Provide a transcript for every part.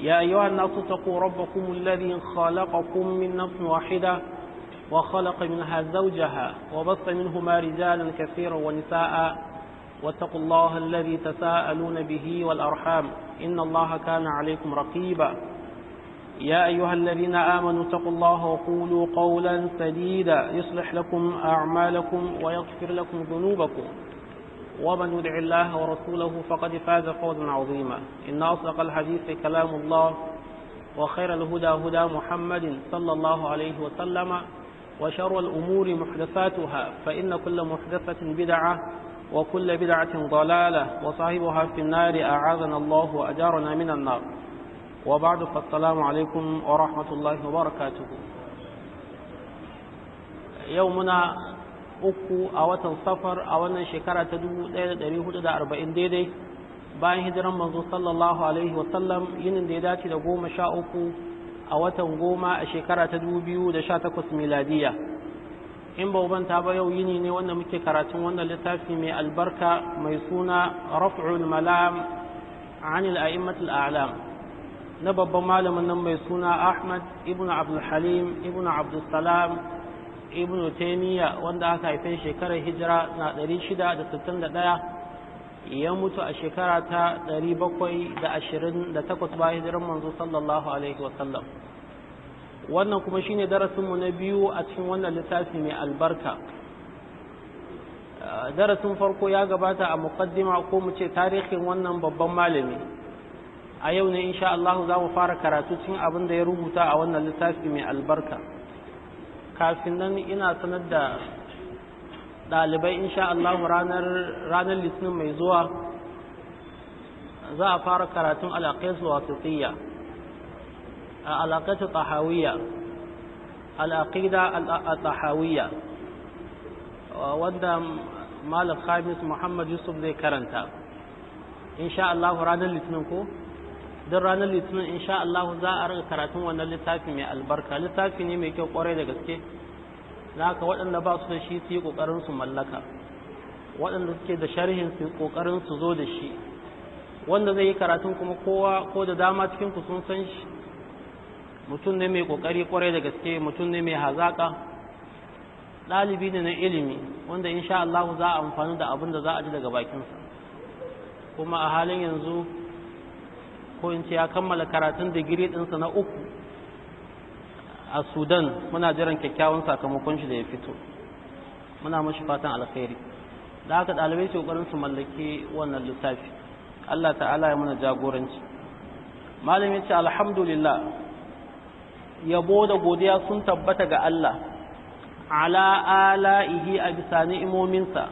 يا أيها الناس اتقوا ربكم الذي خلقكم من نفس واحدة وخلق منها زوجها وبص منهما رجالا كثيرا ونساء واتقوا الله الذي تساءلون به والأرحام إن الله كان عليكم رقيبا يا أيها الذين آمنوا اتقوا الله وقولوا قولا سديدا يصلح لكم أعمالكم ويغفر لكم ذنوبكم ومن يدع الله ورسوله فقد فاز فوزا عظيما إن أصدق الحديث كلام الله وخير الهدى هدى محمد صلى الله عليه وسلم وشر الأمور محدثاتها فإن كل محدثة بدعة وكل بدعة ضلالة وصاحبها في النار أعاذنا الله وأجارنا من النار وبعد فالسلام عليكم ورحمة الله وبركاته يومنا uku a watan safar a wannan shekara ta 1440 daidai bayan hijiran manzo sallallahu alaihi wasallam yinin da ya dace da goma sha uku a watan goma a shekara ta 2018 miladiya in ba ubanta ba yau yini ne wanda muke karatun wannan littafi mai albarka mai suna raf'ul malam anil a'immatul a'lam na babban malamin nan mai suna ahmad ibn abdul halim ibn abdul salam ibn taymiya wanda aka haife shekarar hijira na 661 ya mutu a shekara ta 728 bayan hijirar manzo sallallahu alaihi wasallam wannan kuma shine darasinmu na biyu a cikin wannan littafi mai albarka ah, darasin farko ya gabata a muqaddima ko mu ce tarihin wannan babban malami a yau ne insha Allah za mu fara karatu cikin abin da ya rubuta a wannan littafi mai albarka kafin nan ina sanar da ɗalibai insha Allah ranar ranar litinin mai zuwa za a fara karatun alaƙaisu wasitiyya a alaƙaisu tahawiyya al'aƙida al-tahawiyya wanda malam khamis muhammad yusuf zai karanta insha Allah ranar litinin ko don ranar litinin sha Allah za a rika karatun wannan littafi mai albarka littafi ne mai kyau kwarai da gaske na haka waɗanda ba su da shi su yi ƙoƙarin su mallaka waɗanda suke da sharhin su ƙoƙarin su zo da shi wanda zai yi karatun kuma kowa ko da dama cikin ku sun san shi mutum ne mai ƙoƙari kwarai da gaske mutum ne mai hazaƙa ɗalibi ne na ilimi wanda insha Allah za a amfani da abin da za a ji daga bakinsa kuma a halin yanzu ko in ce ya kammala karatun digiri ɗinsa na uku a sudan muna jiran kyakkyawan sakamakon shi da ya fito muna mashi fatan alkhairi da haka ɗalibai su ƙoƙarin su mallaki wannan littafi allah ta'ala ya mana jagoranci malam ya ce alhamdulillah yabo da godiya sun tabbata ga allah ala ala'ihi a bisa ni'imominsa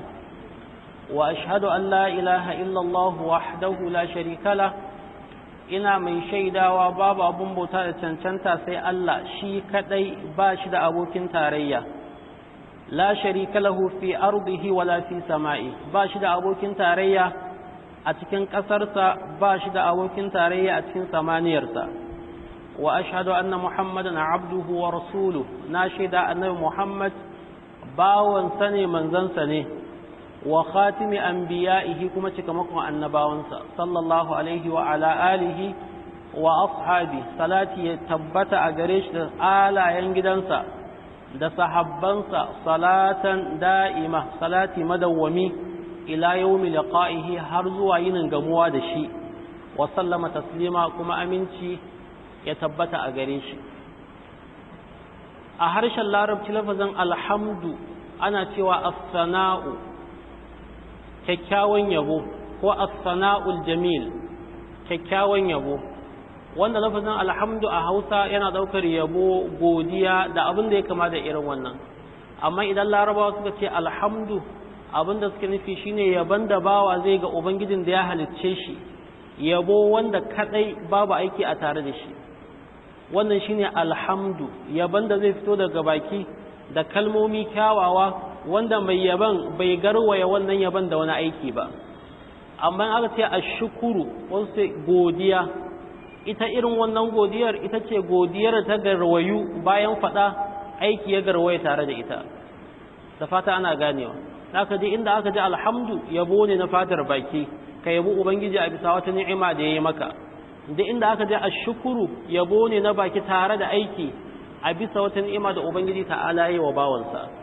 wa ashhadu an la ilaha illallah wahdahu la sharika lahu ina mai shaidawa babu abun bauta da cancanta sai Allah shi kadai ba shi da abokin tarayya la sharika lahu fi ardihi wala fi sama'i ba shi da abokin tarayya a cikin ƙasarsa ba shi da abokin tarayya a cikin samaniyarsa wa ashhadu anna muhammadan abduhu wa rasuluhu na shaida annabi muhammad bawansa ne manzansa ne wa khatimi anbiya'ihi kuma cikamakon annabawansa sallallahu alaihi wa ala alihi wa ashabi salati ya tabbata a gare shi da alayen gidansa da sahabbansa salatan da'ima salati madawwami ila yawmi liqa'ihi har zuwa yinin gamuwa da shi wa sallama taslima kuma aminci ya tabbata a gare shi a harshen larabci lafazin alhamdu ana cewa as-sana'u kyakkyawan yabo ko as-sana'ul jamil kyakkyawan yabo wanda lafazin alhamdu a Hausa yana daukar yabo godiya da abin da ya kama da irin wannan amma idan larabawa suka ce alhamdu abin da suka nufi shine yaban da bawa zai ga ubangijin da ya halicce shi yabo wanda kadai babu aiki a tare da shi wannan shine alhamdu yabon da zai fito daga baki da kalmomi kyawawa wanda mai yaban bai garwaya wannan yaban da wani aiki ba amma aka ce a shukuru wasu godiya ita irin wannan godiyar ita ce godiyar ta garwayu bayan faɗa aiki ya garwaye tare da ita da fata ana ganewa aka ji inda aka ji alhamdu yabo ne na fatar baki ka yabo ubangiji a bisa wata ni'ima da ya yi maka da inda aka ji ashukuru yabo ne na baki tare da aiki a bisa wata ni'ima da ubangiji ta'ala yi wa bawansa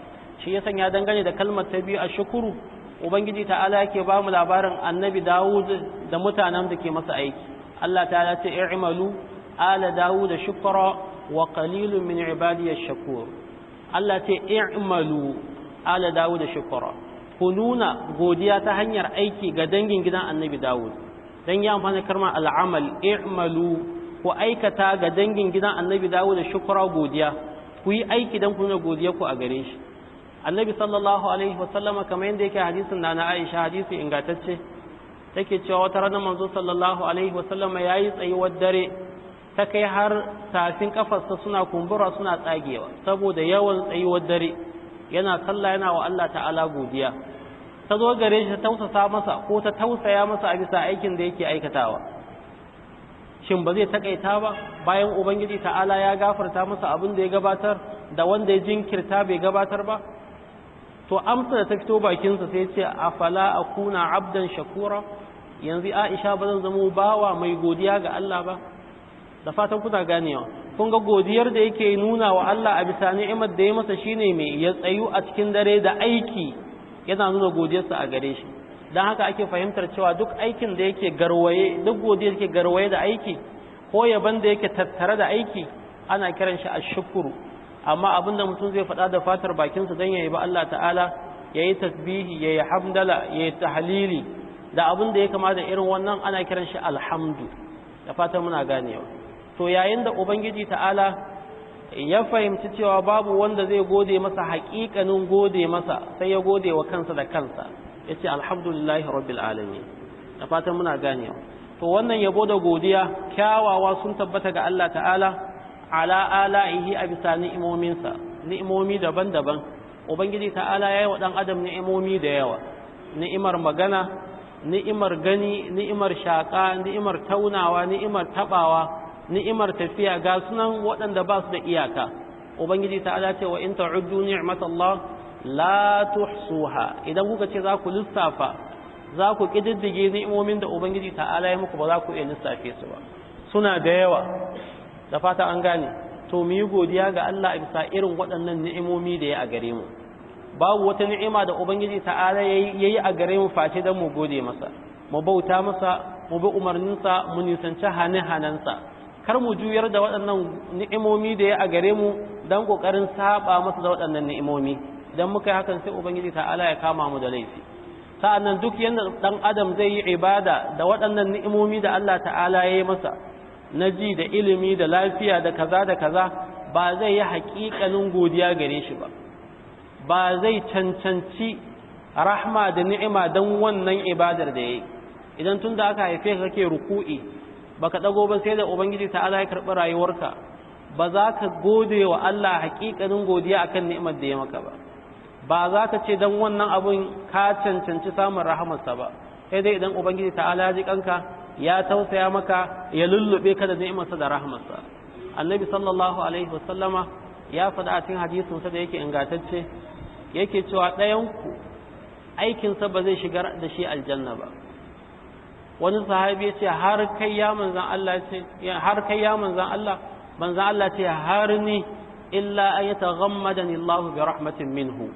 shi ya sanya dangane da kalmar ta biyu a shukuru ubangiji ta'ala yake ba mu labarin annabi dawud da mutanen da ke masa aiki allah ta'ala ce i'malu ala dawud da shukura wa qalilun min ibadiyash shakur allah ce i'malu ala dawud da shukura ku nuna godiya ta hanyar aiki ga dangin gidan annabi dawud dan ya amfani karma al'amal i'malu ku aikata ga dangin gidan annabi dawud da shukura godiya ku yi aiki dan ku nuna godiya ku a gare shi annabi sallallahu alaihi wasallama kamar yadda yake hadisin na na aisha hadisi ingantacce take cewa wata ranar manzo sallallahu alaihi wasallama ya yi tsayuwar dare ta kai har tafin kafarsa suna kumbura suna tsagewa saboda yawan tsayuwar dare yana sallah yana wa Allah ta'ala godiya ta zo gare shi ta tausasa masa ko ta tausaya masa a bisa aikin da yake aikatawa shin ba zai takaita ba bayan ubangiji ta'ala ya gafarta masa abin da ya gabatar da wanda ya jinkirta bai gabatar ba to amsa da ta fito bakinsa sai ce a fala a kuna abdan shakura yanzu aisha ba zan zamo bawa mai godiya ga Allah ba da fatan kuna ganewa kun ga godiyar da yake nuna wa Allah a bisa ni'imar da ya masa shine mai ya tsayu a cikin dare da aiki yana nuna godiyarsa a gare shi don haka ake fahimtar cewa duk aikin da yake garwaye duk godiyar yake garwaye da aiki ko yaban da yake tattare da aiki ana kiran shi a ashkuru amma abin da mutum zai faɗa da fatar bakinsa don ya yi ba Allah ta'ala ya yi tasbihi ya yi hamdala ya yi tahalili da abin da ya kama da irin wannan ana kiran shi alhamdu da fatan muna ganewa to yayin da ubangiji ta'ala ya fahimci cewa babu wanda zai gode masa haƙiƙanin gode masa sai ya gode wa kansa da kansa ya ce alhamdulillahi rabbil alamin da fatan muna ganewa to wannan yabo da godiya kyawawa sun tabbata ga Allah ta'ala ala ala'ihi a bisa ni'imominsa ni'imomi daban-daban ubangiji ta'ala ya yi wa ɗan adam ni'imomi da yawa ni'imar magana ni'imar gani ni'imar shaƙa ni'imar taunawa ni'imar taɓawa ni'imar tafiya ga sunan waɗanda ba su da iyaka ubangiji ta'ala ce wa in ta'uddu ni'matallah la tuhsuha idan kuka ce za ku lissafa za ku ƙididdige ni'imomin da ubangiji ta'ala ya muku ba za ku iya lissafe su ba suna da yawa da fata an gane to mu yi godiya ga Allah a bisa irin waɗannan ni'imomi da ya a gare mu babu wata ni'ima da ubangiji ta'ala yayi a gare mu face dan mu gode masa mu bauta masa mu bi umarninsa mu nisanci hane-hanensa kar mu juyar da waɗannan ni'imomi da ya a gare mu don ƙoƙarin saba masa da waɗannan ni'imomi idan muka yi hakan sai ubangiji ta'ala ya kama mu da laifi sa'annan duk yadda ɗan adam zai yi ibada da waɗannan ni'imomi da Allah ta'ala ya yi masa na ji da ilimi da lafiya da kaza da kaza ba zai yi haƙiƙanin godiya gare shi ba ba zai cancanci rahma da ni'ima don wannan ibadar da ya idan tun da aka haife ka ke ruku'i baka ɗago ba sai da ubangiji ta ala ya karɓi rayuwarka ba za ka gode wa Allah haƙiƙanin godiya a kan ni'imar da ya maka ba ba za ka ce don wannan abun ka cancanci samun rahamarsa ba sai dai idan ubangiji ta ala ya ji kanka ya tausaya maka ya lullube ka da ni'imarsa da rahmarsa annabi sallallahu alaihi wasallama ya faɗa a cikin hadisin sa da yake ingantacce yake cewa ɗayan ku aikinsa ba zai shiga da shi aljanna ba wani sahabi ya ce har kai ya manzan Allah ce har kai ya Allah manzan Allah ce har ni illa an yataghammadani Allah bi rahmatin minhu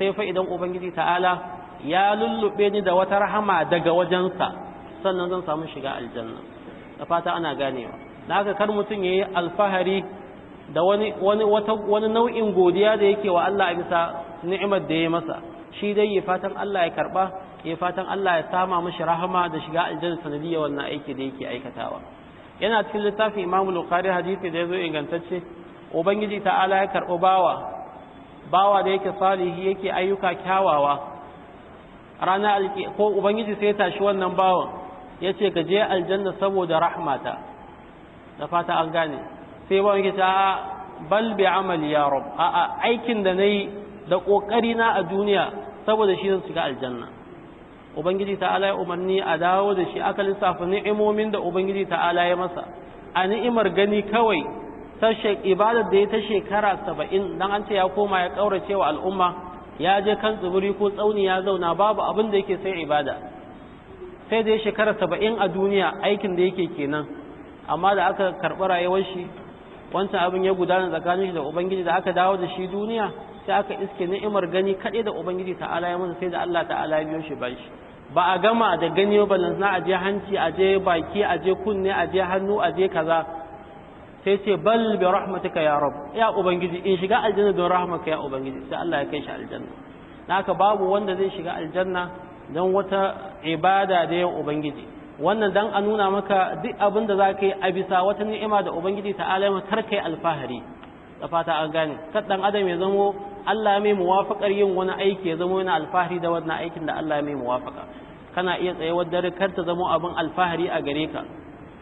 sai fa idan ubangiji ta'ala ya lullube ni da wata rahama daga wajensa sannan zan samu shiga aljanna da fata ana ganewa da haka kar mutum ya yi alfahari da wani nau'in godiya da yake wa Allah a bisa ni'imar da ya masa shi dai ya fatan Allah ya karba ya fatan Allah ya sama mashi rahama da shiga aljanna sanadiyya wannan aiki da yake aikatawa yana cikin littafin imamu Bukhari hadisi da ya zo ingantacce ubangiji ta'ala ya karɓi bawa bawa da yake salihi yake ayyuka kyawawa rana ko ubangiji sai ya tashi wannan bawan ya ce ka je aljanna saboda rahmata da fata an gane sai ba wani ta bal bi amali ya rob a aikin da na yi da ƙoƙari na a duniya saboda shi zan shiga aljanna ubangiji ta'ala ya umarni a dawo da shi aka lissafa ni'imomin da ubangiji ta'ala ya masa a ni'imar gani kawai ta ibadar da ya ta shekara saba'in dan an ce ya koma ya ƙaurace wa al'umma ya je kan tsibiri ko tsauni ya zauna babu abin da yake sai ibada sai da ya shekara saba'in a duniya aikin da yake kenan amma da aka karɓi rayuwar shi wancan abin ya gudana tsakanin shi da ubangiji da aka dawo da shi duniya sai aka iske ni'imar gani kaɗai da ubangiji ta'ala ya masa sai da Allah ta'ala ya biyo shi ba shi ba a gama da gani ba balantana a je hanci a je baki a je kunne a je hannu a kaza sai ce bal bi rahmatika ya rab ya ubangiji in shiga aljanna don rahmatika ya ubangiji sai Allah ya kai shi aljanna naka babu wanda zai shiga aljanna don wata ibada da yin ubangiji wannan dan a nuna maka duk abin da za ka yi a bisa wata ni'ima da ubangiji ta alama kar alfahari da fata an gane kar dan adam ya zamo Allah mai muwafaqar yin wani aiki ya zamo yana alfahari da wannan aikin da Allah mai muwafaqa kana iya tsayawar dare kar ta zamo abin alfahari a gare ka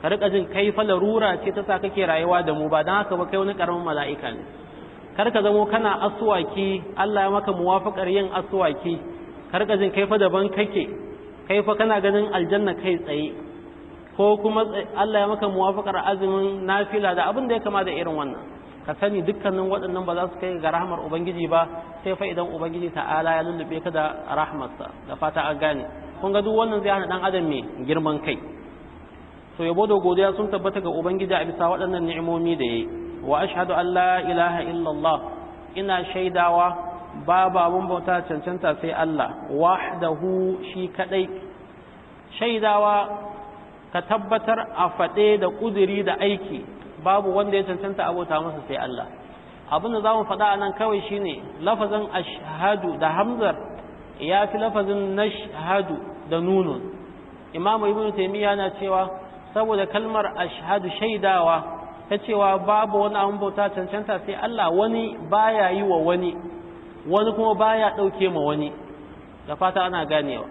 ka rika jin kai fa larura ce ta sa kake rayuwa da mu ba dan haka ba kai wani karamin mala'ika ne kar ka zamo kana aswaki Allah ya maka muwafaqar yin aswaki karka jin kai fa daban kake kai fa kana ganin aljanna kai tsaye ko kuma Allah ya maka muwafaqar azumin nafila da abin da ya kama da irin wannan ka sani dukkanin waɗannan ba za su kai ga rahmar ubangiji ba sai fa idan ubangiji ta'ala ya lullube ka da rahmarsa da fata an gane kun ga duk wannan zai hana dan adam ne girman kai to yabo da godiya sun tabbata ga ubangiji a bisa waɗannan ni'imomi da yayi wa ashhadu an la ilaha illallah ina shaidawa babu abun bauta cancanta sai Allah wahdahu shi kadai shaidawa ka tabbatar a faɗe da ƙuduri da aiki babu wanda ya cancanta abota masa sai Allah abin da za mu faɗa a nan kawai shine lafazin ashhadu da hamzar ya fi lafazin nashadu da nunun imamu ibn taymiya na cewa saboda kalmar ashadu shaidawa ta cewa babu wani abun bauta cancanta sai Allah wani baya yi wa wani wani kuma baya ɗauke ma wani da fata ana ganewa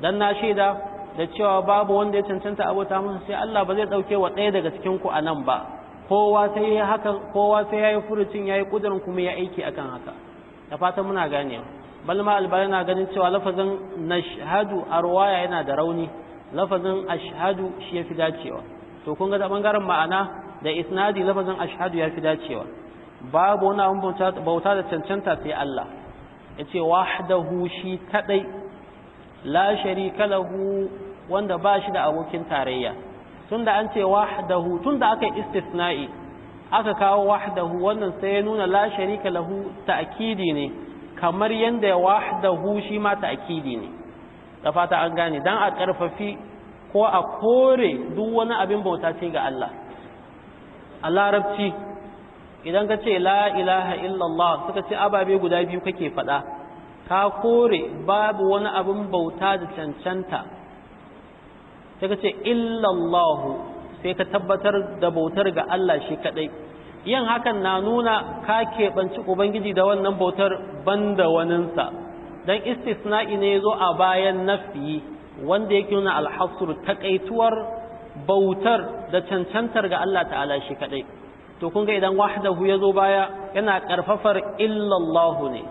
dan na shaida da cewa babu wanda ya cancanta abota masa sai Allah ba zai ɗauke wa ɗaya daga cikin ku anan ba kowa sai ya hakan kowa sai yayi furucin yayi kudurin kuma ya aiki akan haka da fata muna ganewa bal ma na ganin cewa lafazin nashhadu a ruwaya yana da rauni lafazin ashhadu shi yafi dacewa to kun ga da bangaren ma'ana da isnadi lafazin ashhadu yafi dacewa babu wani bauta da cancanta sai Allah yace wahdahu shi kadai la sharika lahu wanda ba shi da abokin tarayya tunda an ce wahdahu tunda aka istisna'i aka kawo wahdahu wannan sai ya nuna la sharika lahu ta'kidi ne kamar yanda wahdahu shi ma ta'kidi ne da fata an gane dan a karfafi ko a kore duk wani abin bauta ce ga Allah Allah larabci idan ka ce la ilaha illallah suka ce ababe guda biyu kake faɗa ka kore babu wani abin bauta da cancanta sai ka ce illallahu sai ka tabbatar da bautar ga Allah shi kaɗai yin hakan na nuna ka keɓanci ubangiji da wannan bautar banda waninsa don istisna'i ne zo a bayan nafi wanda yake nuna alhassur takaituwar bautar da cancantar ga Allah ta'ala shi kaɗai to kun ga idan wahdahu ya zo baya yana karfafar illallahu ne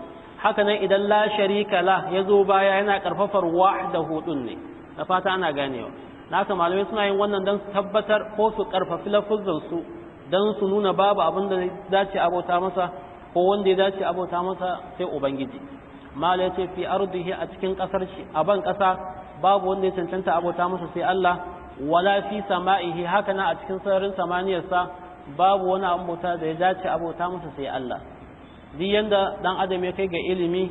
haka nan idan la sharika la ya zo baya yana karfafar wahdahu din ne da fata ana ganewa na ka malamai suna yin wannan don su tabbatar ko su karfafi lafuzan su don su nuna babu abin da dace abota masa ko wanda ya dace abota masa sai ubangiji ya ce fi ardihi a cikin kasar shi a ban kasa babu wanda ya cancanta abota masa sai Allah wala fi sama'ihi haka nan a cikin sararin sa. babu wani bauta da ya dace bauta masa sai Allah din yanda dan adam ya kai ga ilimi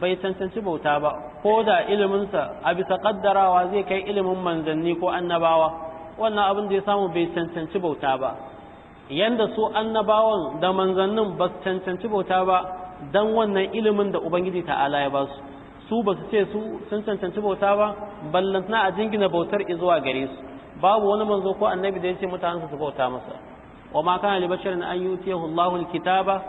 bai cancanci bauta ba ko da iliminsa a bisa kaddarawa zai kai ilimin manzanni ko annabawa wannan abin da ya samu bai cancanci bauta ba yanda su annabawan da manzannin ba su cancanci bauta ba dan wannan ilimin da ubangiji ta'ala ya ba su su ba su ce su sun cancanci bauta ba ballantana a jingina bautar izuwa gare su babu wani manzo ko annabi da ya ce mutanen su bauta masa وما كان لبشر أن يؤتيه الله الكتاب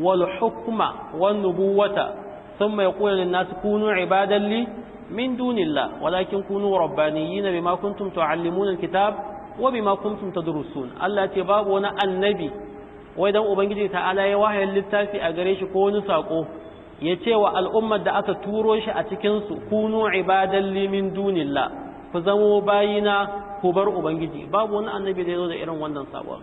والحكم والنبوة ثم يقول للناس كونوا عبادا لي من دون الله ولكن كونوا ربانيين بما كنتم تعلمون الكتاب وبما كنتم تدرسون الله تباب وانا النبي وإذا أبنجي تعالى يوحي للتافي أقريش كون ساقو يتي والأمة دا أتتوروش أتكنسو كونوا عبادا لي من دون الله فزموا باينا كبر أبنجي باب وانا النبي دي دو دا إيران وانا ساقوه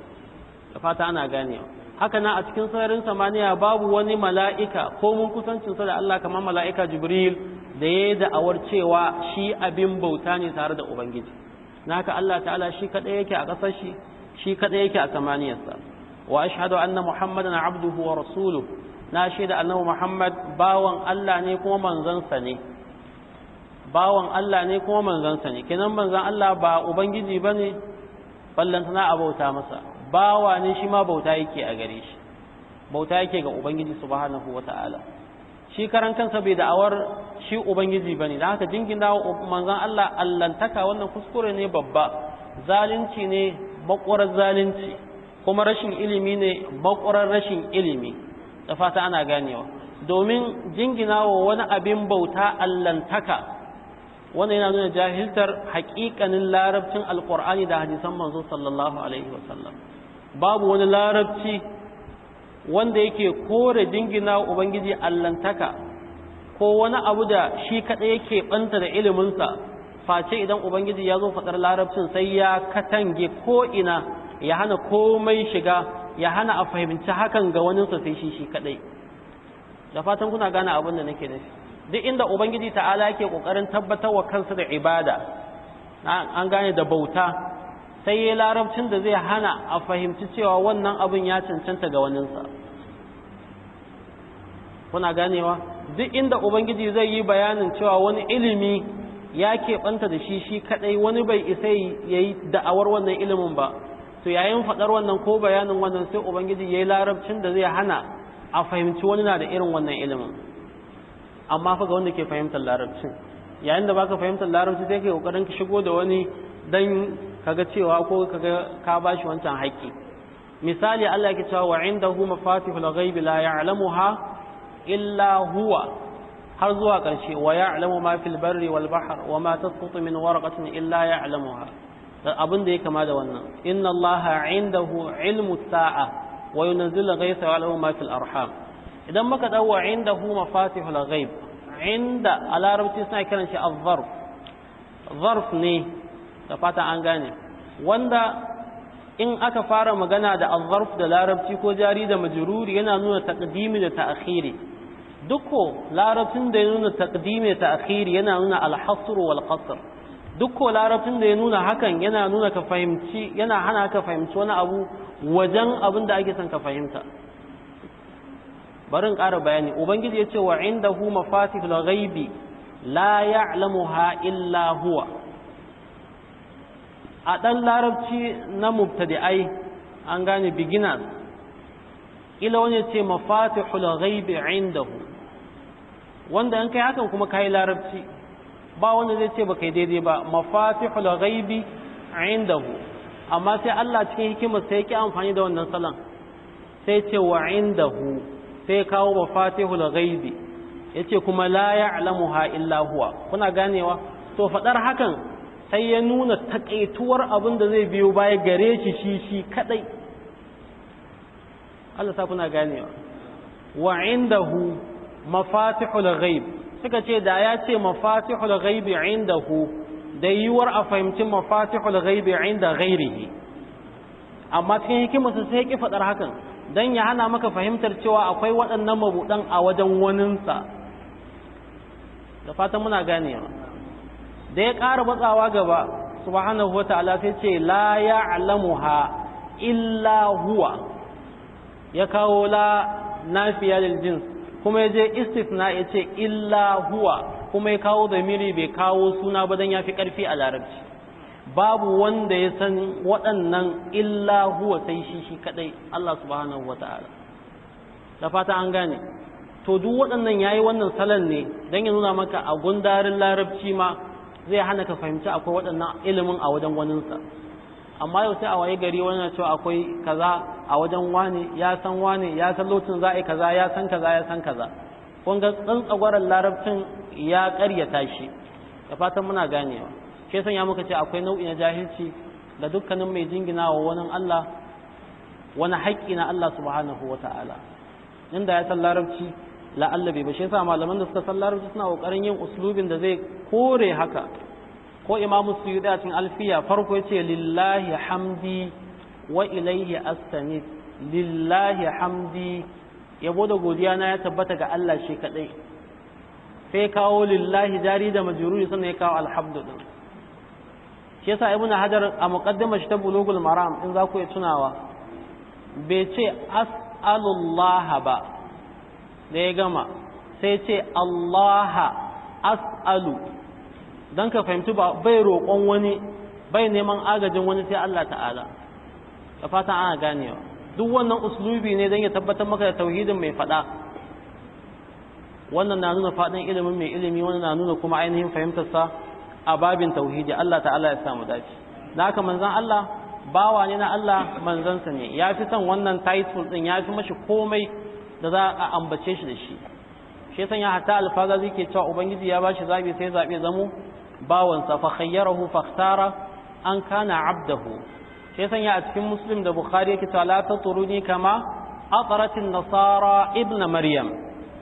da fata ana ganewa haka na a cikin sararin samaniya babu wani mala'ika ko mun kusancinsa da Allah kamar mala'ika jibril da ya yi da'awar cewa shi abin bauta ne tare da ubangiji na haka Allah ta'ala shi kaɗai yake a ƙasar shi shi kaɗai yake a samaniyarsa wa ashhadu anna muhammadan abduhu wa rasuluhu na shaida annabi muhammad bawan Allah ne kuma manzansa ne bawan Allah ne kuma manzansa ne kenan manzan Allah ba ubangiji bane a abauta masa bawa ne shi ma bauta yake a gare shi bauta yake ga ubangiji subhanahu wata'ala shi karan kansa bai da'awar shi ubangiji bane dan haka jingina manzon Allah allantaka wannan kuskure ne babba zalunci ne makwarar zalunci kuma rashin ilimi ne makwarar rashin ilimi da fata ana ganewa domin jinginawa wani abin bauta allantaka wanda yana nuna jahiltar haƙiƙanin larabcin alƙur'ani da hadisan manzo sallallahu alaihi wasallam babu wani larabci wanda yake kore dingina ubangiji allantaka ko wani abu da shi kaɗai yake ɓanta da iliminsa face idan ubangiji ya zo faɗar larabcin sai ya katange ko'ina ya hana komai shiga ya hana a fahimci hakan ga waninsa sai shi shi kaɗai da fatan kuna gane abin da nake nufi duk inda ubangiji ta'ala yake ƙoƙarin tabbatar wa kansa da ibada an gane da bauta sai ya larabcin da zai hana a fahimci cewa wannan abin ya cancanta ga waninsa kuna ganewa duk inda ubangiji zai yi bayanin cewa wani ilimi ya keɓanta da shi shi kaɗai wani bai isa ya yi da'awar wannan ilimin ba to yayin faɗar wannan ko bayanin wannan sai ubangiji ya yi larabcin da zai hana a fahimci wani na da irin wannan ilimin amma fa ga wanda ke fahimtar larabcin yayin da baka fahimtar larabci sai kai kokarin ka shigo da wani dan kaga cewa ko kaga ka bashi wancan haƙƙi misali Allah yake cewa wa indahu mafatihul ghaibi la ya'lamuha illa huwa har zuwa ƙarshe wa ya'lamu ma fil barri wal bahr wa ma tasqutu min waraqatin illa ya'lamuha abin da ya kama da wannan inna Allah indahu ilmu sa'a wa yunzilu ghaitha wa lahu ma fil arham idan muka dau wa indahu mafatihul ghaib inda a larabci suna kiran shi az-zarf zarf ne da fata an gane wanda in aka fara magana da azzarf da larabci ko jari da majruri yana nuna taqdimi da ta'khiri dukko larabcin da ya nuna taqdimi da ta'khiri yana nuna al-hasr wal qasr larabcin da ya nuna hakan yana nuna ka fahimci yana hana ka fahimci wani abu wajen abin da ake son ka fahimta barin ƙara bayani ubangiji ya ce wa indahu mafatihul ghaibi la ya'lamuha illa huwa a ɗan larabci na mubtadi'ai an gane beginners ila wani ce mafatihul ghaibi indahu wanda an kai hakan kuma kai larabci ba wanda zai ce ba kai daidai ba mafatihul ghaibi indahu amma sai Allah cikin hikimar sai yake amfani da wannan salon sai ce wa indahu sai kawo mafatihul ghaibi yace kuma la ya'lamuha illa huwa kuna ganewa to fadar hakan sai ya nuna takaituwar abin da zai biyo baya gare shi shi shi kadai Allah ta kuna ganewa wa indahu mafatihul ghaib suka ce da ya ce mafatihul ghaib indahu da yiwar a fahimci mafatihul ghaib inda ghairihi amma cikin hikimarsa sai ki faɗar hakan dan ya hana maka fahimtar cewa akwai waɗannan mabuɗan a wajen waninsa da fatan muna ganewa da ya ƙara matsawa gaba subhanahu wata'ala sai ce la ya ha? illa huwa ya kawo la nafiya jins kuma ya je istisna ya ce illa huwa kuma ya kawo zamiri bai kawo suna ba don ya fi karfi a larabci babu wanda ya san waɗannan illa huwa sai shi shi kaɗai. Allah subhanahu wata'ala da fata an gane to duk waɗannan yayi wannan salon ne don ya nuna maka a gundarin larabci ma zai hana ka fahimci akwai waɗannan ilimin a wajen waninsa amma yau sai a waye gari wani na cewa akwai kaza a wajen wani ya san wani ya san lokacin za a yi kaza ya san kaza ya san kaza kun ga larabcin ya karyata shi da fatan muna ganewa Ke san ya muka ce akwai nau'i na jahilci da dukkanin mai jinginawa wani Allah wani haƙƙi na Allah subhanahu wa ta'ala inda ya san larabci la'alla ba shi yasa malaman da suka san larabci suna kokarin yin uslubin da zai kore haka ko imamu suyuɗi a cikin alfiya farko yace lillahi hamdi wa ilaihi astanis lillahi hamdi yabo da godiya na ya tabbata ga Allah shi kadai sai kawo lillahi jari da majruri sannan ya kawo alhamdu din shi yasa ibn hajar a muqaddimar shi ta bulugul maram in za ku yi tunawa bai ce as'alullaha ba da ya gama sai ce allaha as'alu don ka fahimci ba bai roƙon wani bai neman agajin wani sai allah ta'ala da fatan ana ganewa duk wannan uslubi ne don ya tabbatar maka da tauhidin mai faɗa wannan na nuna faɗin ilimin mai ilimi wannan na nuna kuma ainihin fahimtarsa a babin tauhidi allah ta'ala ya samu dace na haka manzan allah bawa ne na allah manzansa ne ya fi son wannan title ɗin ya fi mashi komai da za a ambace shi da shi shi yasan ya hata alfaza zai ke cewa ubangiji ya bashi zabi sai zabe zamo bawansa fa khayyarahu fakhtara an kana abdahu shi ya a cikin muslim da bukhari yake cewa la taturuni kama ataratin nasara ibn maryam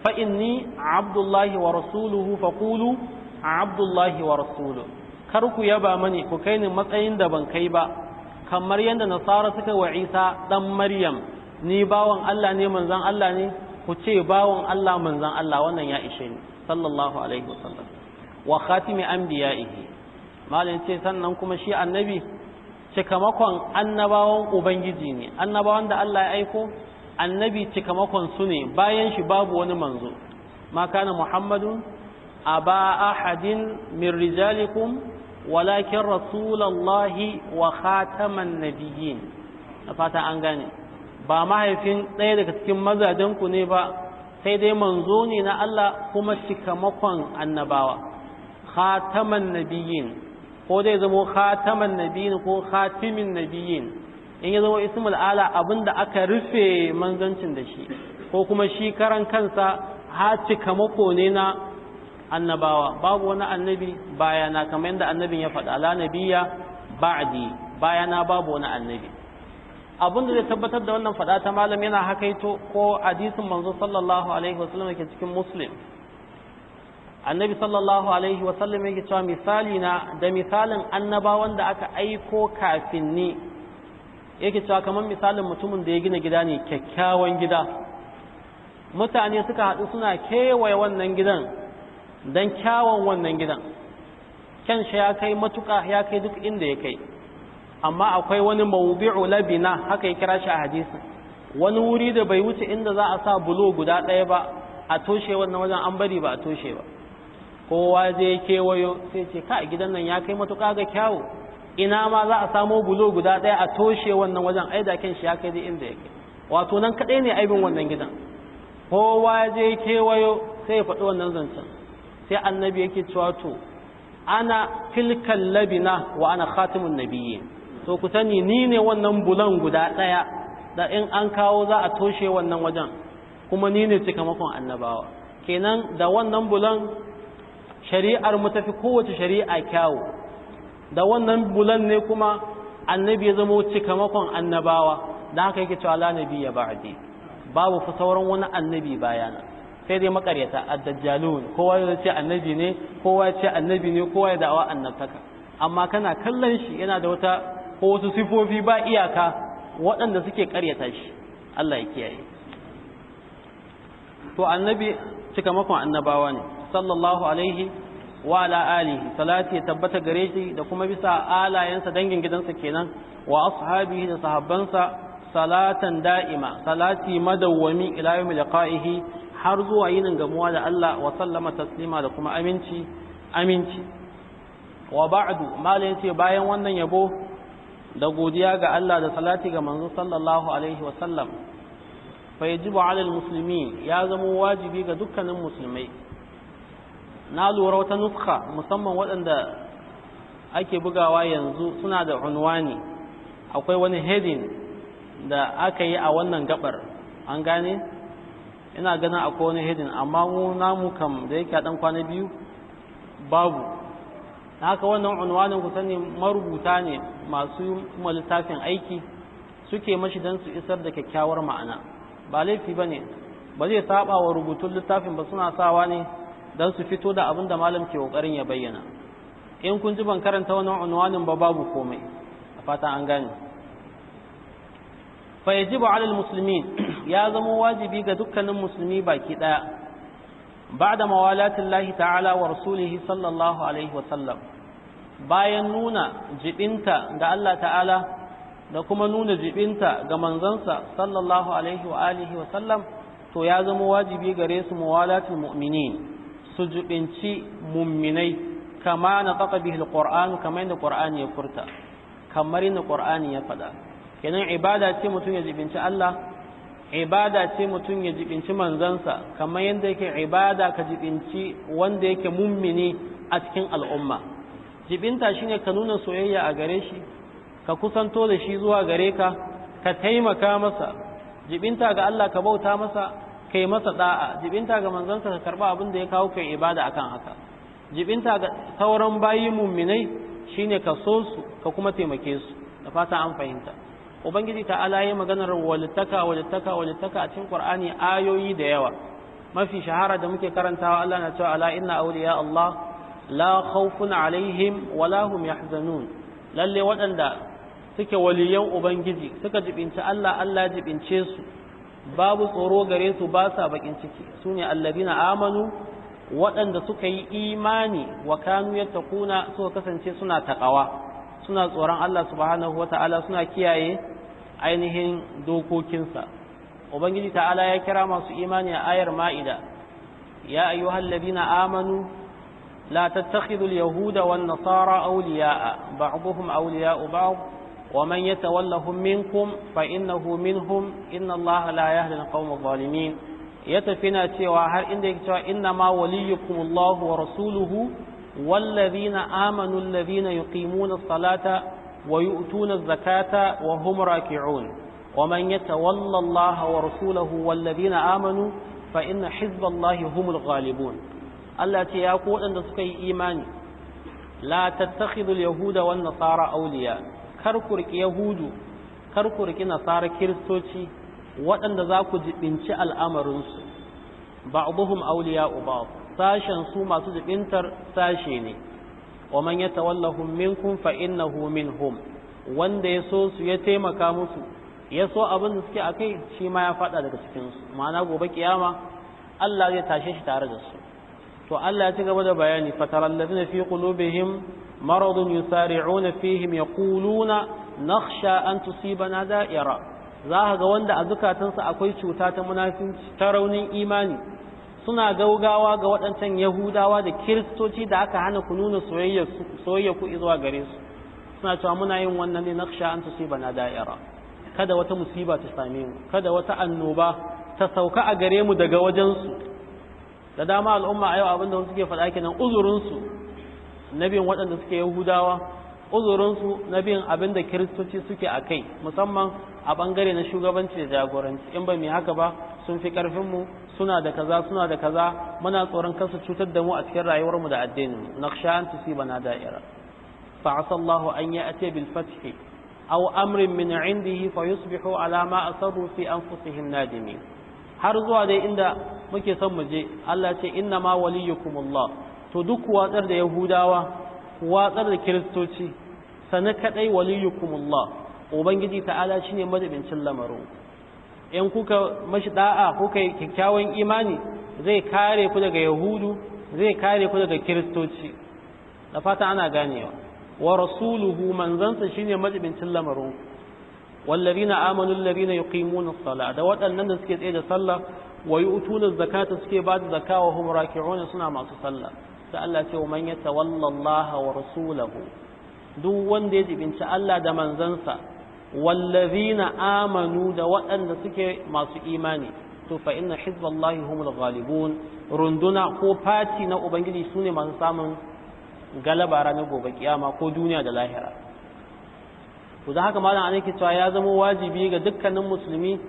fa inni abdullahi wa rasuluhu fa qulu abdullahi wa rasuluhu kar ku yaba mani ku kai ni matsayin da ban kai ba kamar yadda nasara suka wa isa dan maryam ni bawan Allah ne manzan Allah ne ku ce bawan Allah manzan Allah wannan ya ishe ni sallallahu alaihi wasallam wa khatimi anbiya'ihi malin ce sannan kuma shi annabi cikamakon annabawan ubangiji ne annabawan da Allah ya aiko annabi cikamakon su ne bayan shi babu wani manzo ma kana muhammadun aba ahadin min rijalikum walakin rasulallahi wa khataman nabiyyin fata an gane ba mahaifin ɗaya daga cikin mazajenku ne ba sai dai manzo ne na Allah kuma cikamakon annabawa khataman nabiyyin ko dai zamo khataman nabiyyin ko khatimin nabiyyin in ya zama ismul ala abinda aka rufe manzancin da shi ko kuma shi karan kansa ha cikamako ne na annabawa babu wani annabi bayana kamar yadda annabin ya faɗa la nabiya ba'di bayana babu wani annabi abin da zai tabbatar da wannan faɗa ta malam yana haka hakaito ko hadisin manzo sallallahu alaihi wasallam yake cikin muslim annabi sallallahu alaihi wasallam yake cewa misali na da misalin annabawan da aka aiko kafin ni yake cewa kamar misalin mutumin da ya gina gida ne kyakkyawan gida mutane suka haɗu suna kewaye wannan gidan don kyawun wannan gidan kyan shi ya kai matuƙa ya kai duk inda ya kai amma akwai wani mawubi'u labina haka ya kira shi a hadisi wani wuri da bai wuce inda za a sa bulo guda ɗaya ba a toshe wannan wajen an bari ba a toshe ba kowa zai kewayo sai ce ka gidan nan ya kai matuƙa ga kyawu ina ma za a samo bulo guda ɗaya a toshe wannan wajen ai da shi ya kai dai inda yake wato nan kaɗai ne aibin wannan gidan kowa ke kewayo sai ya faɗi wannan zancen sai annabi yake cewa to ana tilkan labina wa ana khatimun nabiyyin to ku sani ni ne wannan bulan guda ɗaya da in an kawo za a toshe wannan wajen kuma ni ne cikamakon annabawa kenan da wannan bulan shari'ar mu tafi kowace shari'a kyawu da wannan bulan ne kuma annabi ya zama cikamakon annabawa da haka yake cewa la nabi ya ba'di babu fa sauran wani annabi bayana sai dai makaryata ad-dajjalun kowa ya ce annabi ne kowa ya ce annabi ne kowa ya da'awa annabtaka amma kana kallon shi yana da wata ko wasu sifofi ba iyaka waɗanda suke ƙaryata shi Allah ya kiyaye to annabi cikamakon annabawa ne sallallahu alaihi wa ala alihi salati tabbata gare shi da kuma bisa alayensa dangin gidansa kenan wa ashabihi da sahabbansa salatan da'ima salati madawwami ila yawmi liqa'ihi har zuwa yinin gamuwa da Allah wa sallama taslima da kuma aminci aminci wa ba'du mala ce bayan wannan yabo da godiya ga Allah da salati ga manzo sallallahu alaihi wasallam fa yajibu alal musulmi ya zama wajibi ga dukkanin musulmai na lura wata nuska musamman waɗanda ake bugawa yanzu suna da unwani akwai wani hedin da aka yi a wannan gabar an gane ina ganin akwai wani hedin amma mu namu kam da yake dan kwana biyu babu haka wannan unwanin ku sani marubuta ne masu kuma littafin aiki suke mashi don su isar da kyakkyawar ma'ana ba laifi ba ne ba zai saba wa rubutun littafin ba suna sawa ne don su fito da abin da malam ke kokarin ya bayyana in kun ji ban karanta wannan unwanin ba babu komai a fata an gane fa yajibu alal muslimin ya zama wajibi ga dukkanin musulmi baki daya بعد موالاة الله تعالى ورسوله sallallahu alaihi wa sallam. bayan nuna jibinta ga Allah ta'ala da kuma nuna jibinta ga manzansa sallallahu alaihi wa alihi wa sallam to ya zama wajibi gare su muwalatul mu'minin su jibinci muminai kama na taqa bihi alquran kama inda qur'ani ya furta kamar inda qur'ani ya faɗa kenan ibada ce mutum ya jibinci Allah ibada ce mutum ya jibinci manzansa kamar yadda yake ibada ka jibinci wanda yake mummini a cikin al'umma jibinta shi ne ka nuna soyayya a gare shi ka kusanto da shi zuwa gare ka ka taimaka masa jibinta ga Allah ka bauta masa kai masa ɗa'a. jibinta ga manzansa ka karɓa abin da ya kawo kai ibada a kan haka jibinta ga sauran bayi shi ne ka so su ka kuma taimake su da fata an fahimta ubangiji ta'ala yi maganar walittaka walittaka walittaka a cikin qur'ani ayoyi da yawa mafi shahara da muke karantawa Allah na cewa ala inna awliya Allah la khawfun alaihim wala hum yahzanun lalle waɗanda suke waliyan ubangiji suka jibinci Allah Allah jibince su babu tsoro gare su ba sa bakin ciki sune alladina amanu waɗanda suka yi imani wa kanu yattaquna suka kasance suna taqawa suna tsoron Allah subhanahu wata'ala suna kiyaye ainihin dokokinsa ubangiji ta'ala ya kira masu imani a ayar ma'ida ya ayyuhal ladina amanu لا تتخذوا اليهود والنصارى أولياء بعضهم أولياء بعض ومن يتولهم منكم فإنه منهم إن الله لا يهدي القوم الظالمين يتفنى تيوا هل عندك إنما وليكم الله ورسوله والذين آمنوا الذين يقيمون الصلاة ويؤتون الزكاة وهم راكعون ومن يتولى الله ورسوله والذين آمنوا فإن حزب الله هم الغالبون Allah ce ya ku waɗanda suka yi imani la tattakhidul yahuda wan nasara awliya kar ku riki yahudu kar ku riki nasara kiristoci waɗanda za ku jibinci al'amarinsu ba'dhum awliya ba'd sashen su masu jibintar sashe ne wa man yatawallahum minkum fa innahu minhum wanda ya so su ya taimaka musu ya so abin da suke akai shi ma ya faɗa daga cikinsu ma'ana gobe kiyama Allah zai tashe shi tare da su to Allah ya ci gaba da bayani fataral ladina fi qulubihim maradun yusari'una fihim yaquluna nakhsha an tusibana da'ira za ka ga wanda a zukatansa akwai cuta ta munafinci ta raunin imani suna gaugawa ga waɗancan yahudawa da kiristoci da aka hana ku nuna soyayya ku zuwa gare su suna cewa muna yin wannan ne nakhsha an tusibana da'ira kada wata musiba ta same mu kada wata annoba ta sauka a gare mu daga wajensu da dama al'umma a yau abinda wasu suke faɗa kenan uzurinsu na bin waɗanda suke yahudawa uzurinsu na bin abinda kiristoci suke a kai musamman a ɓangare na shugabanci da jagoranci in ba mai haka ba sun fi ƙarfinmu suna da kaza suna da kaza muna tsoron kansu cutar da mu a cikin rayuwarmu da addinin naqsha an tusibana da'ira fa asallahu an ya'ti bil fathi aw amrin min indihi fa yusbihu ala ma asabu fi anfusihim nadimin har zuwa dai inda muke son mu je Allah ce inna ma waliyukumullah to duk watsar da yahudawa watsar da kiristoci sana kadai waliyukumullah ubangiji ta'ala shine madabincin lamarin in kuka mashi da'a kuka yi kyakkyawan imani zai kare ku daga yahudu zai kare ku daga kiristoci da fata ana ganewa wa rasuluhu manzansa shine madabincin lamaru wallazina amanu allazina yuqimuna as-salata da waɗannan da suke tsaye da sallah wa yu'tuna zakata suke ba da zakka wa hum raki'un suna masu sallah sai Allah ce wa man yatawalla Allah wa rasulahu duk wanda ya jibinci Allah da manzansa wallazina amanu da waɗanda suke masu imani to fa inna hizballahi humul ghalibun runduna ko fati na ubangiji sune masu samun galaba ranar gobe kiyama ko duniya da lahira ku za haka malam ana cewa ya zama wajibi ga dukkanin musulmi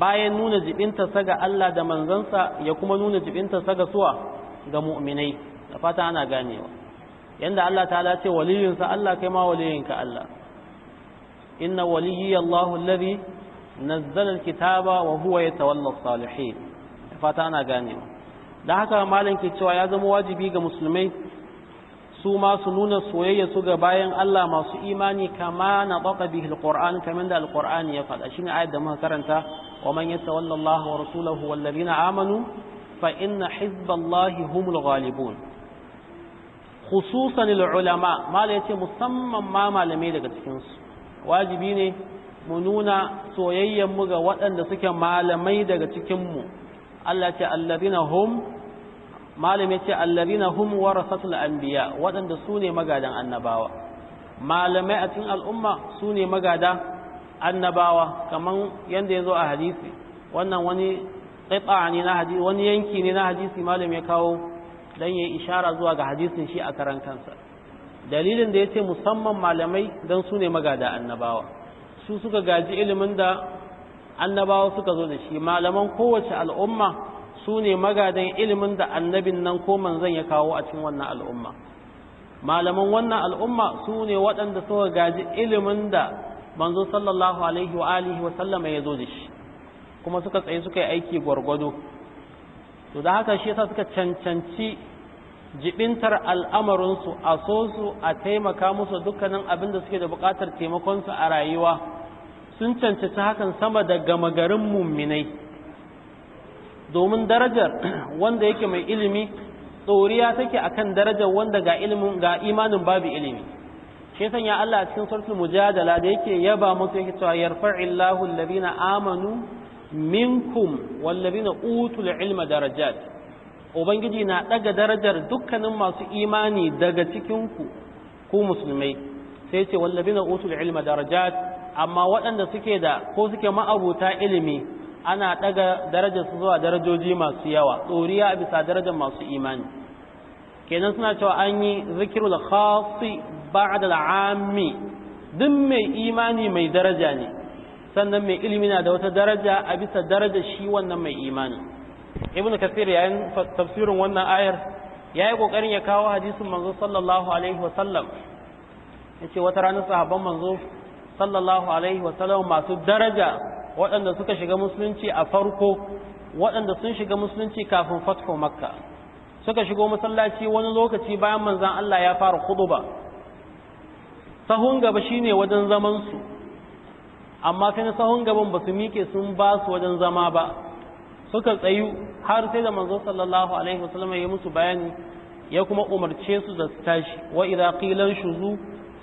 bayan nuna jibintarsa ga Allah da manzansa ya kuma nuna jibintarsa ga suwa ga mu'minai da fata ana ganewa yanda Allah ta ce waliyinsa Allah kai ma waliyinka Allah inna waliyyi Allahu alladhi nazzala alkitaba wa huwa yatawalla as-salihin da fata ana ganewa Da haka malam ke cewa ya zama wajibi ga musulmai su ma su nuna soyayya su ga bayan Allah masu imani kama na baka bihi alquran kaman da alqur'ani ya faɗa shine ayat da muka karanta wa man yatawalla Allah wa rasulahu wal ladina amanu fa inna hizballahi humul ghalibun khususan ulama mala yace musamman ma malamai daga cikin su wajibi ne mu nuna soyayyan mu ga waɗanda suke malamai daga cikin mu Allah ce alladina hum malam ya ce allazina hum warasatul anbiya waɗanda su ne magadan annabawa malamai a cikin al'umma su ne magada annabawa kaman yadda ya zo a hadisi wannan wani ƙiɓa ne na hadisi wani yanki ne na hadisi malam ya kawo don ya ishara zuwa ga hadisin shi a karan kansa dalilin da ya ce musamman malamai dan su ne magada annabawa su suka gaji ilimin da annabawa suka zo da shi malaman kowace al'umma su ne magadan ilimin da annabin nan ko manzan ya kawo a cikin wannan al'umma malaman wannan al'umma su ne waɗanda suka gaji ilimin da manzo sallallahu alaihi wa alihi wa sallama ya zo da shi kuma suka tsaye suka yi aiki gwargwado to da haka shi yasa suka cancanci jibintar al'amarinsu a so su a taimaka musu dukkanin abin da suke da buƙatar taimakonsu a rayuwa sun cancanci hakan sama da gama garin mumminai domin darajar wanda yake mai ilimi tsoriya take akan darajar wanda ga ilimin ga imanin babu ilimi shi sanya Allah a cikin suratul mujadala da yake yaba musu yake cewa yarfa'illahu alladhina amanu minkum walladhina utul ilma darajat ubangiji na daga darajar dukkanin masu imani daga cikin ku ku musulmai sai ce walladhina utul ilma darajat amma waɗanda suke da ko suke ma'abuta ilimi ana daga darajar su zuwa darajoji masu yawa tsoriya a bisa darajar masu imani kenan suna cewa an yi zikirul khasi ba'da al'ammi duk mai imani mai daraja ne sannan mai ilimi na da wata daraja a bisa daraja shi wannan mai imani ibnu kasir yayin tafsirin wannan ayar yayi kokarin ya kawo hadisin manzo sallallahu alaihi wa sallam yace wata ranar sahabban manzo sallallahu alaihi wa sallam masu daraja waɗanda suka shiga musulunci a farko waɗanda sun shiga musulunci kafin fatko makka suka shigo masallaci wani lokaci bayan manzan Allah ya fara ba. sahun gaba shine wajen zaman su amma sai sahun gaban ba su mike sun ba su wajen zama ba suka tsayu har sai da manzo sallallahu alaihi wasallam ya musu bayani ya kuma umarce su da su tashi wa idza qilan shuzu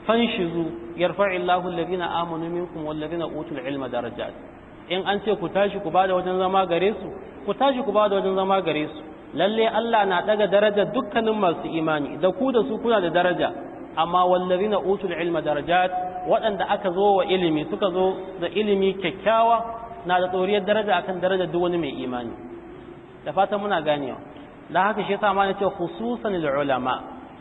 fanshizu yarfa'illahu alladhina amanu minkum walladhina utul ilma darajat in an ce ku tashi ku bada wajen zama gare su ku tashi ku bada wajen zama gare su lalle Allah na daga daraja dukkanin masu imani da ku da su kuna da daraja amma wallazina utul ilma darajat waɗanda aka zo wa ilimi suka zo da ilimi kyakkyawa na da tsoriyar daraja akan daraja duk wani mai imani da fatan muna ganewa dan haka shi yasa ma nace khususan lil ulama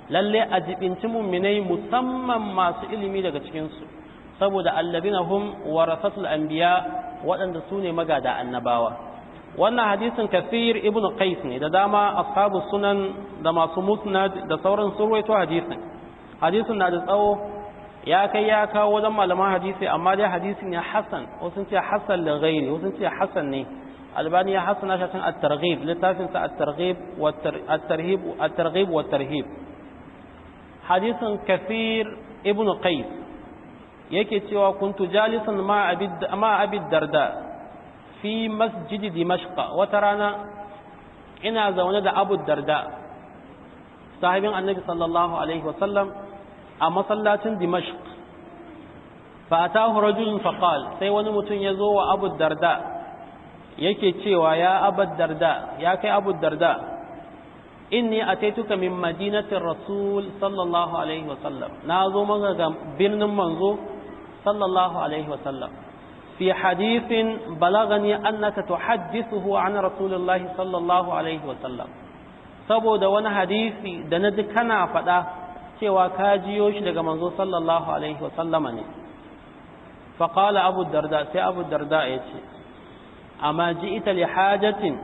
lalle a jibinci muminai musamman masu ilimi daga cikin su saboda allazina hum warasatul anbiya waɗanda su ne magada annabawa wannan hadisin kafir ibn qais ne da dama ashabu sunan da masu musnad da sauran sun ruwaito hadisin hadisin na da tsawo ya kai ya kawo wajen malaman hadisi amma dai hadisin ya hasan wasu ce hasan da ghairi wasu ce hasan ne albani ya hasana shi cikin at-targhib littafin sa at-targhib wa at-tarhib at-targhib wa tarhib hadisin kafir ibn qais yake cewa kuntu jalisan ma abid darda fi masjidi dimashqa wata rana ina zaune da abu darda sahibin annabi sallallahu alaihi wasallam a masallacin dimashq fa atahu rajulun faqal sai wani mutum ya zo wa abu darda yake cewa ya abu darda ya kai abu darda inni ataituka min madinatin rasul sallallahu alaihi wasallam na zo maka ga birnin manzo صلى الله عليه وسلم في حديث بلغني أنك تحدثه عن رسول الله صلى الله عليه وسلم saboda wani hadisi da na ji kana faɗa cewa ka jiyo shi daga manzo sallallahu alaihi wasallama ne faƙala abu darda sai abu darda ya ce amma ji ita li hajatin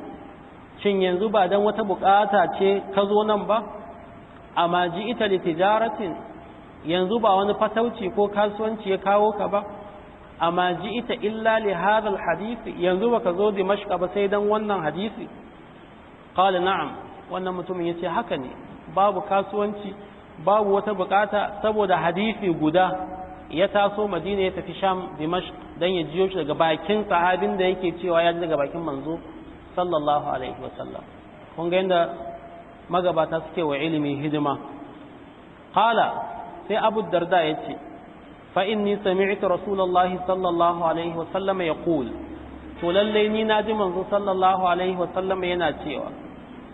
shin yanzu ba wata bukata ce ka zo nan ba amma ji yanzu ba wani fatauci ko kasuwanci ya kawo ka ba amma ji ita illa li hadisi alhadith yanzu baka zo dimashq ba sai dan wannan hadisi qala na'am wannan mutumin yace haka ne babu kasuwanci babu wata bukata saboda hadisi guda ya taso madina ya tafi sham dimashq dan ya jiyo shi daga bakin sahabin da yake cewa ya ji daga bakin manzo sallallahu alaihi wasallam kun ga yanda magabata suke wa ilimi hidima qala sai abu darda ya ce fa inni sami'tu rasulullahi sallallahu alaihi wasallam ya qul to lalle ni na ji manzo sallallahu alaihi wasallam yana cewa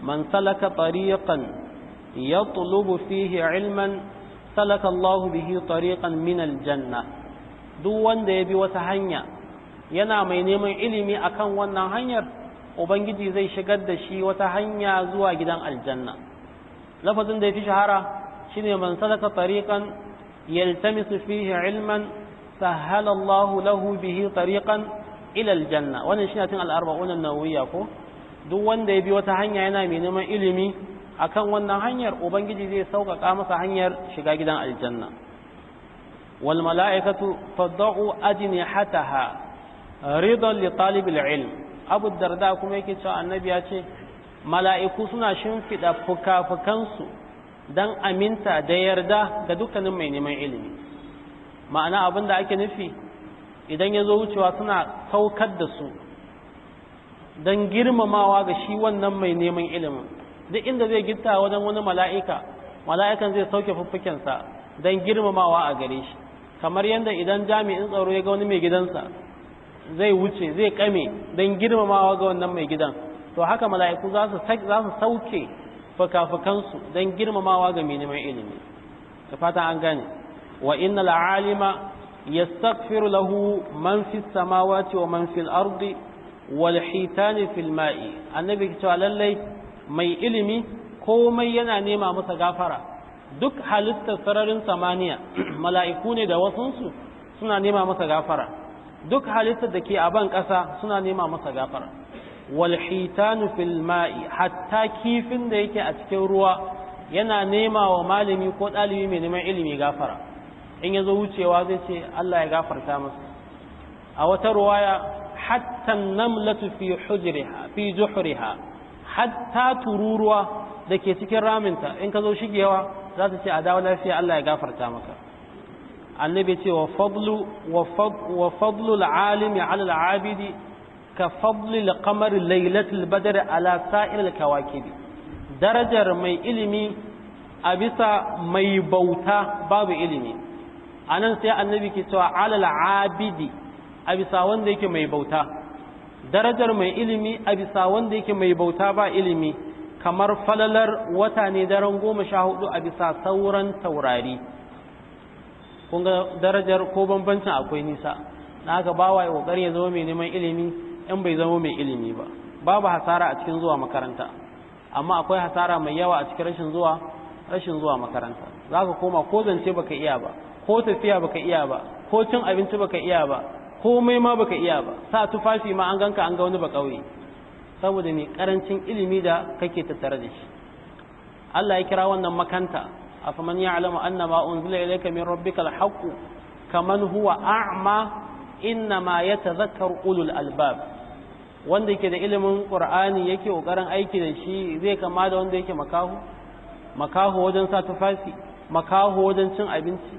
man salaka tariqan yatlubu fihi ilman salaka Allahu bihi tariqan min aljanna duk wanda ya bi wata hanya yana mai neman ilimi akan wannan hanyar ubangiji zai shigar da shi wata hanya zuwa gidan aljanna lafazin da ya fi shahara shine man sadaka tariqan yaltamisu fihi ilman sahala Allah lahu bihi tariqan ila aljanna wannan shine cikin al-arba'un an-nawawiyya ko duk wanda ya bi wata hanya yana mai neman ilimi akan wannan hanyar ubangiji zai sauƙaƙa masa hanyar shiga gidan aljanna wal mala'ikatu tadda'u ajnihataha ridan li talibil ilm abu darda kuma yake cewa annabi ya ce mala'iku suna shimfiɗa fuka-fukansu don aminta da yarda ga dukkanin mai neman ilimi ma'ana abin da ake nufi idan ya zo wucewa suna saukar da su don girmamawa ga shi wannan mai neman ilimin duk inda zai gita wajen wani mala'ika mala'ikan zai sauke fuffukensa don girmamawa a gare shi kamar yadda idan jami'in tsaro ya ga wani mai gidansa zai wuce zai kame don girmamawa ga wannan mai gidan to haka mala'iku za su sauke fukafukansu don girmamawa ga mai neman ilimi ta fata an gane wa innal alima yastaghfiru lahu man fi samawati wa man fi ardi wal hitani fil ma'i annabi cewa lallai mai ilimi komai yana nema masa gafara duk halittar sararin samaniya mala'iku ne da wasunsu suna nema masa gafara duk halittar da ke a ban ƙasa suna nema masa gafara walhitanu fil ma'i hatta kifin da yake a cikin ruwa yana nema wa malami ko ɗalibi mai neman ilimi gafara in ya zo wucewa zai ce Allah ya gafarta masa a wata ruwaya hatta namlatu fi hujriha fi juhriha hatta tururuwa da ke cikin raminta in ka zo shigewa za ta ce a dawo lafiya Allah ya gafarta maka annabi ce wa fadlu wa fadlu al-alimi ala al-abidi ka kamar kamar lailatul badar ala sa'iril kawakib darajar mai ilimi a bisa mai bauta babu ilimi anan sai annabi ke cewa alal abidi a bisa wanda yake mai bauta darajar mai ilimi a bisa wanda yake mai bauta ba ilimi kamar falalar wata ne daren goma sha hudu a bisa sauran taurari kun ga darajar ko bambancin akwai nisa na haka bawa ya kokari ya zama mai neman ilimi in bai zama mai ilimi ba babu hasara a cikin zuwa makaranta amma akwai hasara mai yawa a cikin rashin zuwa rashin zuwa makaranta za ka koma ko zance baka iya ba ko tafiya baka iya ba ko cin abinci baka iya ba komai ma baka iya ba sa tufafi ma an ganka an ga wani ba kauye saboda mai karancin ilimi da kake tattare da shi Allah ya kira wannan makanta afaman ya'lamu anna ma unzila ilayka min rabbikal haqq kaman huwa a'ma inna ma yatadhakkaru ulul albab wanda yake da ilimin qur'ani yake kokarin aiki da shi zai kama da wanda yake makaho makaho wajen sa tufafi makaho wajen cin abinci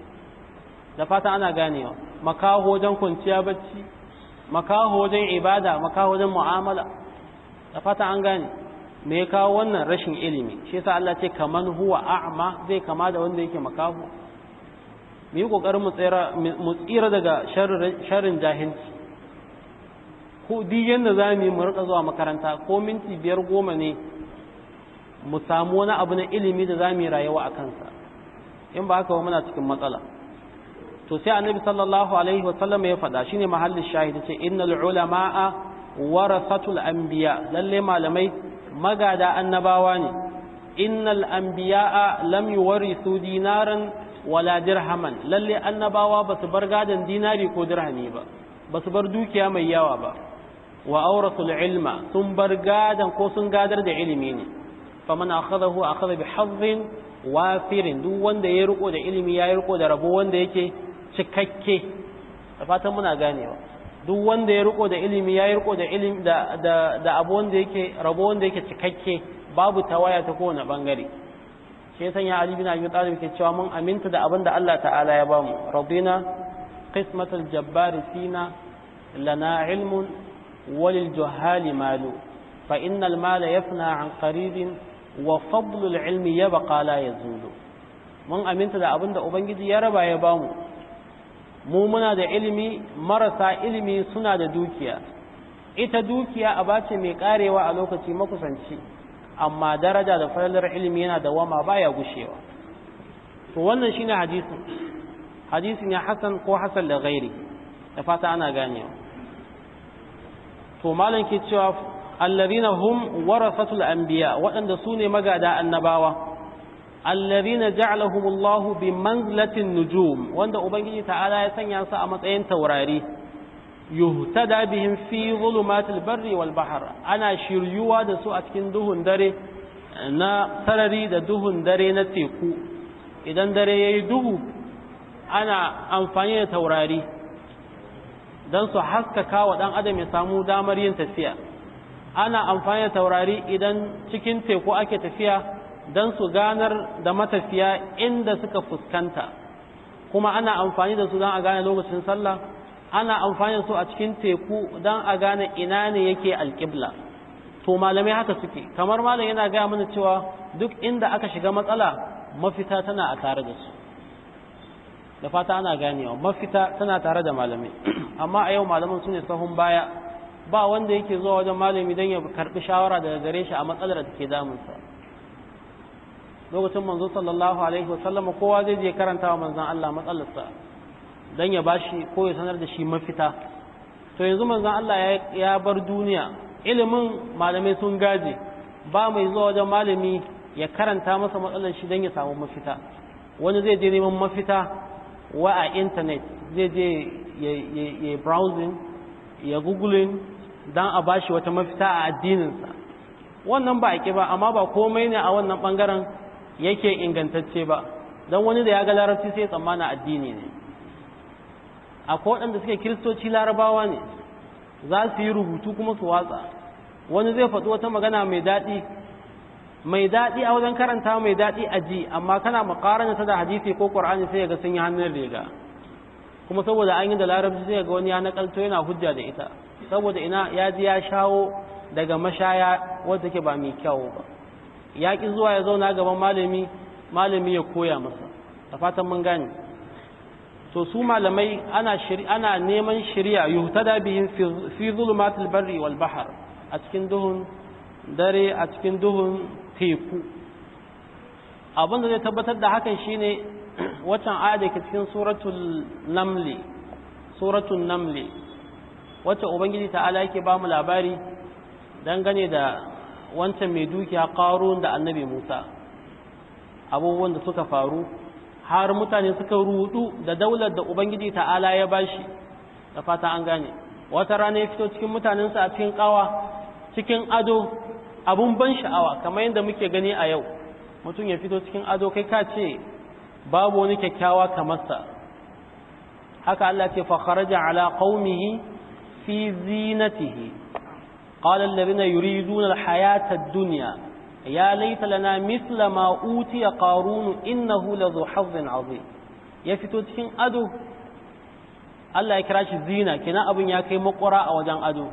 da fata ana ganewa makaho wajen kwanciya bacci makaho wajen ibada makaho wajen mu'amala da fata an gane me ya kawo wannan rashin ilimi shi yasa Allah ce kaman huwa a'ma zai kama da wanda yake makaho mu yi kokarin mu tsira daga sharrin jahilci ko duk yadda za mu yi mu rika zuwa makaranta ko minti biyar goma ne mu samu wani abu na ilimi da za mu yi rayuwa a kansa in ba haka ba muna cikin matsala to sai annabi sallallahu alaihi wasallam ya faɗa shine mahalli shahidi ce innal ulama'a warasatul anbiya lalle malamai magada annabawa ne innal anbiya'a lam yuwarisu dinaran wala dirhaman lalle annabawa ba su bar gadon dinari ko dirhami ba ba su bar dukiya mai yawa ba wa auratul ilma sun bar gadan ko sun gadar da ilimi ne faman akhadahu akhadha bi hazzin wafirin duk wanda ya riko da ilimi ya riko da rabo wanda yake cikakke da fatan muna ganewa duk wanda ya riko da ilimi ya riko da ilimi da da da abu wanda yake rabo wanda yake cikakke babu tawaya ta kowane bangare shi yasan ya Ali bin Abi Talib ke cewa mun aminta da abin da Allah ta'ala ya bamu radina qismatul jabbari fina lana ilmun وللجهال مال فإن المال يفنى عن قريب ya العلم يبقى لا يزول mun aminta da abin ubangiji ya raba ya bamu mu muna da ilimi marasa ilimi suna da dukiya ita dukiya a bace mai karewa a lokaci makusanci amma daraja da falalar ilimi yana da wama baya gushewa to wannan shine hadisin hadisin ya hasan ko Hassan da gairi da fata ana ganewa to malam ke cewa allazina hum warasatul anbiya waɗanda su ne magada annabawa allazina ja'alahumullahu bi manzilatin nujum wanda ubangiji ta'ala ya sanya su a matsayin taurari yuhtada bihim fi zulumatil barri wal bahr ana shiryuwa da su a cikin duhun dare na sarari da duhun dare na teku idan dare yayi duhu ana amfani da taurari don su haskaka wa ɗan adam ya samu damar yin tafiya ana amfani da taurari idan cikin teku ake tafiya don su ganar da matafiya inda suka fuskanta kuma ana amfani da su don a gane lokacin sallah ana amfani da su a cikin teku don a gane ina ne yake alƙibla to malamai haka suke kamar malam yana gaya mana cewa duk inda aka shiga matsala mafita tana a tare da su da fata ana ganewa mafita tana tare da malamai amma a yau malaman su ne sahun baya ba wanda yake zuwa wajen malami don ya karbi shawara daga gare shi a matsalar da take damunsa lokacin manzo sallallahu alaihi wa sallama kowa zai je karanta wa manzon Allah matsalarsa don ya bashi ko ya sanar da shi mafita to yanzu manzan Allah ya bar duniya ilimin malamai sun gaje ba mai zuwa wajen malami ya karanta masa matsalar shi don ya samu mafita wani zai je neman mafita wa a intanet zai je ya browsing ya googling don a bashi wata mafita a addininsa wannan ba a ba amma ba komai ne a wannan bangaren yake ingantacce ba don wani da ya ga larabci sai tsammanin addini ne akwai waɗanda suke kiristoci larabawa ne za su yi rubutu kuma su watsa wani zai faɗi wata magana mai daɗi mai daɗi a wajen karanta mai daɗi a ji amma kana makaranta ta da hadisi ko ƙur'ani sai ga sun yi hannun riga kuma saboda an yi da larabci sai ga wani ya nakalto yana hujja da ita saboda ina ya ji ya shawo daga mashaya wadda ke ba mai kyawo ba ya ƙi zuwa ya zauna gaban malami malami ya koya masa da fatan mun gane to su malamai ana ana neman shari'a yuhtada bihim fi zulumatil barri wal bahr a cikin duhun dare a cikin duhun teku abin zai tabbatar da hakan shine waccan aya da ke cikin suratul namli suratul namli wacce ubangiji ta'ala yake ba mu labari dangane da wancan mai dukiya ƙarun da annabi musa abubuwan da suka faru har mutane suka rudu da daular da ubangiji ta'ala ya bashi da fata an gane wata rana ya fito cikin mutanensa a cikin ƙawa cikin ado abun ban sha'awa kamar yadda muke gani a yau mutum ya fito cikin ado kai ka ce babu wani kyakkyawa kamar sa haka Allah ce fa kharaja ala qaumihi fi zinatihi qala alladhina yuriduna alhayata ad-dunya ya laita lana mithla ma utiya qarun innahu ladhu hazzin azim ya fito cikin ado Allah ya kira shi zina kina abun ya kai makura a wajen ado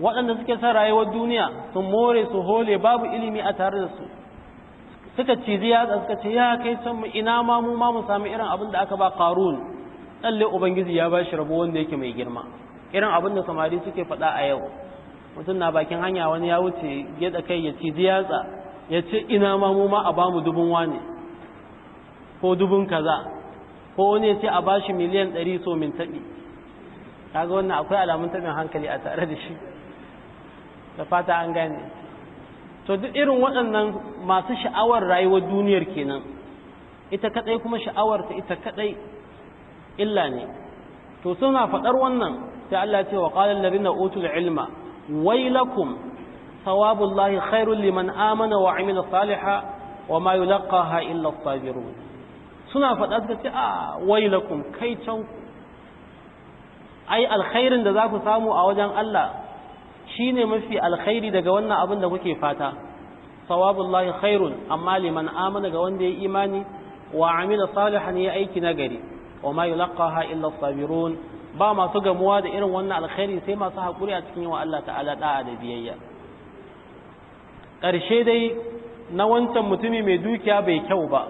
waɗanda suke son rayuwar duniya sun more su hole babu ilimi a tare da su suka cizi yatsa suka ce ya kai can mu ina ma mu ma mu sami irin abin da aka ba qarun lalle ubangiji ya ba shi rabo wanda yake mai girma irin abin da samari suke faɗa a yau mutum na bakin hanya wani ya wuce geda kai ya cizi yatsa ya ce ina ma mu ma a ba mu dubun wane ko dubun kaza ko wani ya ce a ba shi miliyan ɗari so min taɓi kaga wannan akwai alamun taɓin hankali a tare da shi da fata an gane to duk irin waɗannan masu sha'awar rayuwar duniyar kenan ita kadai kuma sha'awar ta ita kadai illa ne to suna faɗar wannan sai Allah ya ce wa qala allazina utul ilma wailakum thawabullahi khairul liman amana wa amila salihan wa ma yulaqaha illa as-sabirun suna faɗa suka ce a ah, wailakum kai can ai alkhairin da za ku samu a wajen Allah Shi ne mafi alkhairi daga wannan abin da kuke fata sawabullahi khairun amma liman amana ga wanda ya yi imani wa amila salihan ya aiki nagari wa ma yulqaha illa sabirun ba masu gamuwa da irin wannan alkhairi sai masu hakuri a cikin yawa Allah ta'ala da'a da biyayya ƙarshe dai na wancan mutumi mai dukiya bai kyau ba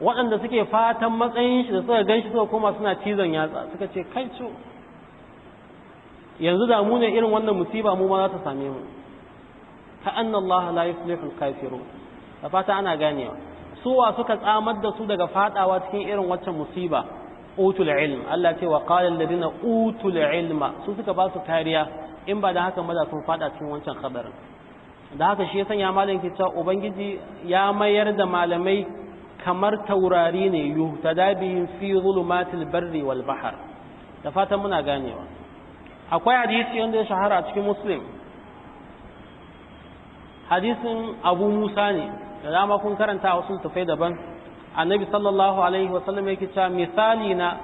waɗanda suke fatan matsayin shi da suka gan shi suka koma suna cizon yatsa suka ce kai yanzu da mu ne irin wannan musiba mu ma za ta same mu ka anna Allah la yuflihu al da fata ana ganewa suwa suka tsamar da su daga fadawa cikin irin waccan musiba utul ilm Allah ce wa qala alladhina utul ilma su suka ba su kariya in ba da haka maza sun fada cikin wancan kabarin da haka shi ya sanya malam ke cewa ubangiji ya mayar da malamai kamar taurari ne yuhtadabihin fi zulumatil barri wal bahr da fatan muna ganewa akwai hadisi wanda ya shahara a cikin muslim hadisin abu musa ne da dama kun karanta wasu tafai daban annabi sallallahu alaihi wasallam yake cewa misali na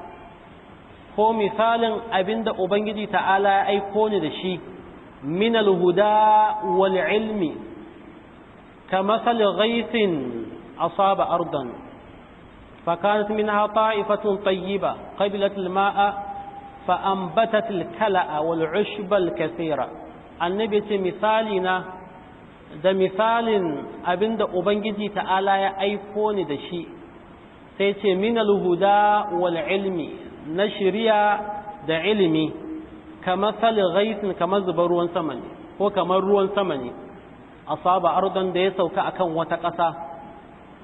ko misalin abinda ubangiji ta'ala ya aiko ni da shi min alhuda wal ilmi ka masal ghaisin asaba ardan فكانت منها طائفة طيبة قبلت الماء فأنبتت الكلأ والعشب الكثيرة النبي مثالنا da misalin abinda Ubangiji ta'ala ya aiko ni da shi sai ce minal huda wal ilmi na shirya da ilimi kamar salin gaisin kamar zuba ruwan sama ne ko kamar ruwan sama ne a saba ardon da ya sauka akan wata ƙasa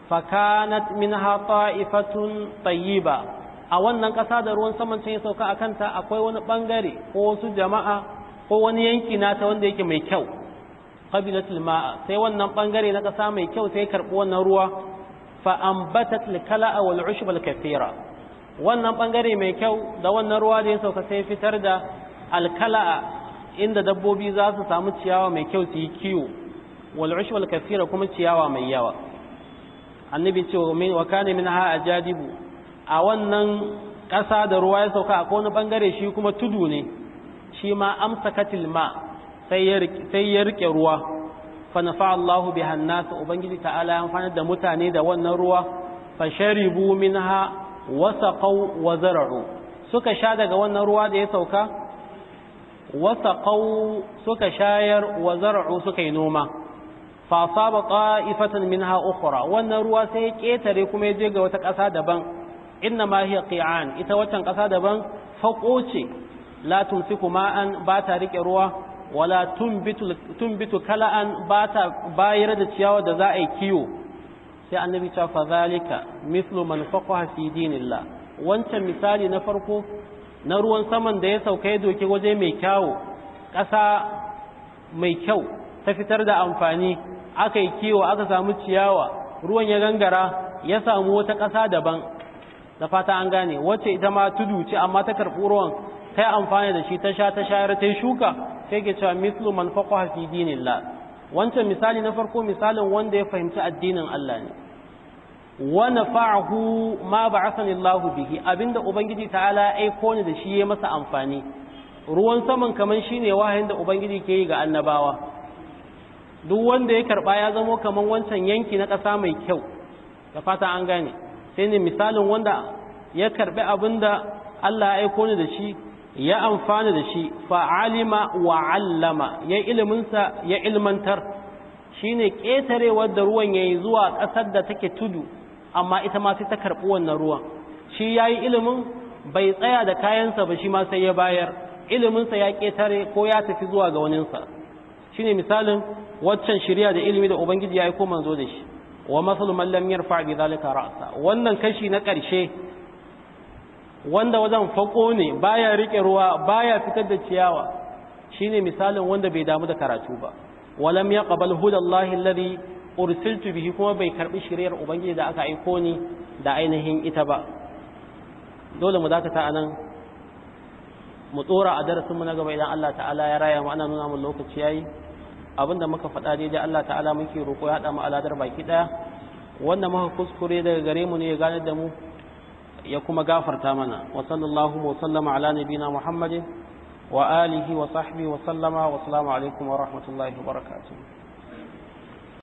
fakanat min hafa ifatun tsayiba a wannan ƙasa da ruwan saman can ya sauka a kanta akwai wani ɓangare ko wasu jama'a ko wani yanki na ta wanda yake mai kyau qabilatul ma'a sai wannan ɓangare na ƙasa mai kyau sai karɓi wannan ruwa fa ambatatul kala'a wal ushbal kathira wannan ɓangare mai kyau da wannan ruwa da ya sauka sai fitar da alkala'a inda dabbobi za su samu ciyawa mai kyau su yi kiwo wal ushbal kathira kuma ciyawa mai yawa annabi ce wa kana min ha ajadibu a wannan ƙasa da ruwa ya sauka a wani ɓangare shi kuma tudu ne shi ma amsa katil sai ya riƙe ruwa fanafa Allahu bi hannasa ubangiji ta'ala ya amfani da mutane da wannan ruwa fa sharibu minha wasaqaw wa zar'u suka sha daga wannan ruwa da ya sauka wasaqaw suka shayar wa zar'u suka yi noma fa asaba qa'ifatan minha ukhra wannan ruwa sai ya ketare kuma ya je ga wata ƙasa daban inna ma hiya qi'an ita waccan ƙasa daban fako ce la tumsiku ma'an ba ta rike ruwa wala tumbitu kala'an ba ta bayar da ciyawa da za a yi kiwo sai annabi ta fa zalika mislu man faqaha fi dinillah wancan misali na farko na ruwan saman da ya sauka ya doki waje mai mai kyau ta fitar da amfani aka yi kiwo aka samu ciyawa ruwan ya gangara ya samu wata ƙasa daban da fata an gane wacce ita ma tudu ce amma ta karɓi ruwan kai amfani da shi ta sha ta shayar ta yi shuka sai ke cewa mislu man faqaha fi dinillah wancan misali na farko misalin wanda ya fahimci addinin Allah ne wa nafa'ahu ma ba'athani Allahu bihi abinda ubangiji ta'ala ai ko ni da shi ya masa amfani ruwan saman kaman shine wahayin da ubangiji ke yi ga annabawa duk wanda ya karba ya zamo kaman wancan yanki na ƙasa mai kyau da fata an gane sai ne misalin wanda ya karbi abinda Allah ya aiko ni da shi ya amfana da shi fa'alima wa allama ya iliminsa ya ilmantar shine ne da ruwan yayi zuwa kasar da take tudu amma ita ma sai ta karɓi wannan ruwan shi yayi ilimin bai tsaya da kayansa ba shi ma sai ya bayar iliminsa ya ƙetare ko ya tafi zuwa ga waninsa shine misalin waccan shirya da ilimi da ubangiji ya aiko manzo da shi wa masalu lamiyar lam zalika ra'sa wannan kashi na ƙarshe wanda wajen fako ne baya rike ruwa baya fitar da ciyawa shine misalin wanda bai damu da karatu ba walam yaqbal hudallahi alladhi ursiltu bihi kuma bai karɓi shiriyar ubangiji da aka aiko ni da ainihin ita ba dole mu dakata nan mu tsora a darasin mu na gaba idan Allah ta'ala ya raya mu ana nuna mu lokaci yayi abinda muka faɗa daidai Allah ta'ala muke roƙo ya haɗa mu aladar baki ɗaya wanda muka kuskure daga gare mu ne ya gane da mu ya kuma gafarta mana wa sallallahu wa sallama ala nabina muhammadin wa alihi wa sahbihi wa sallama wa alaikum wa rahmatullahi wa barakatuh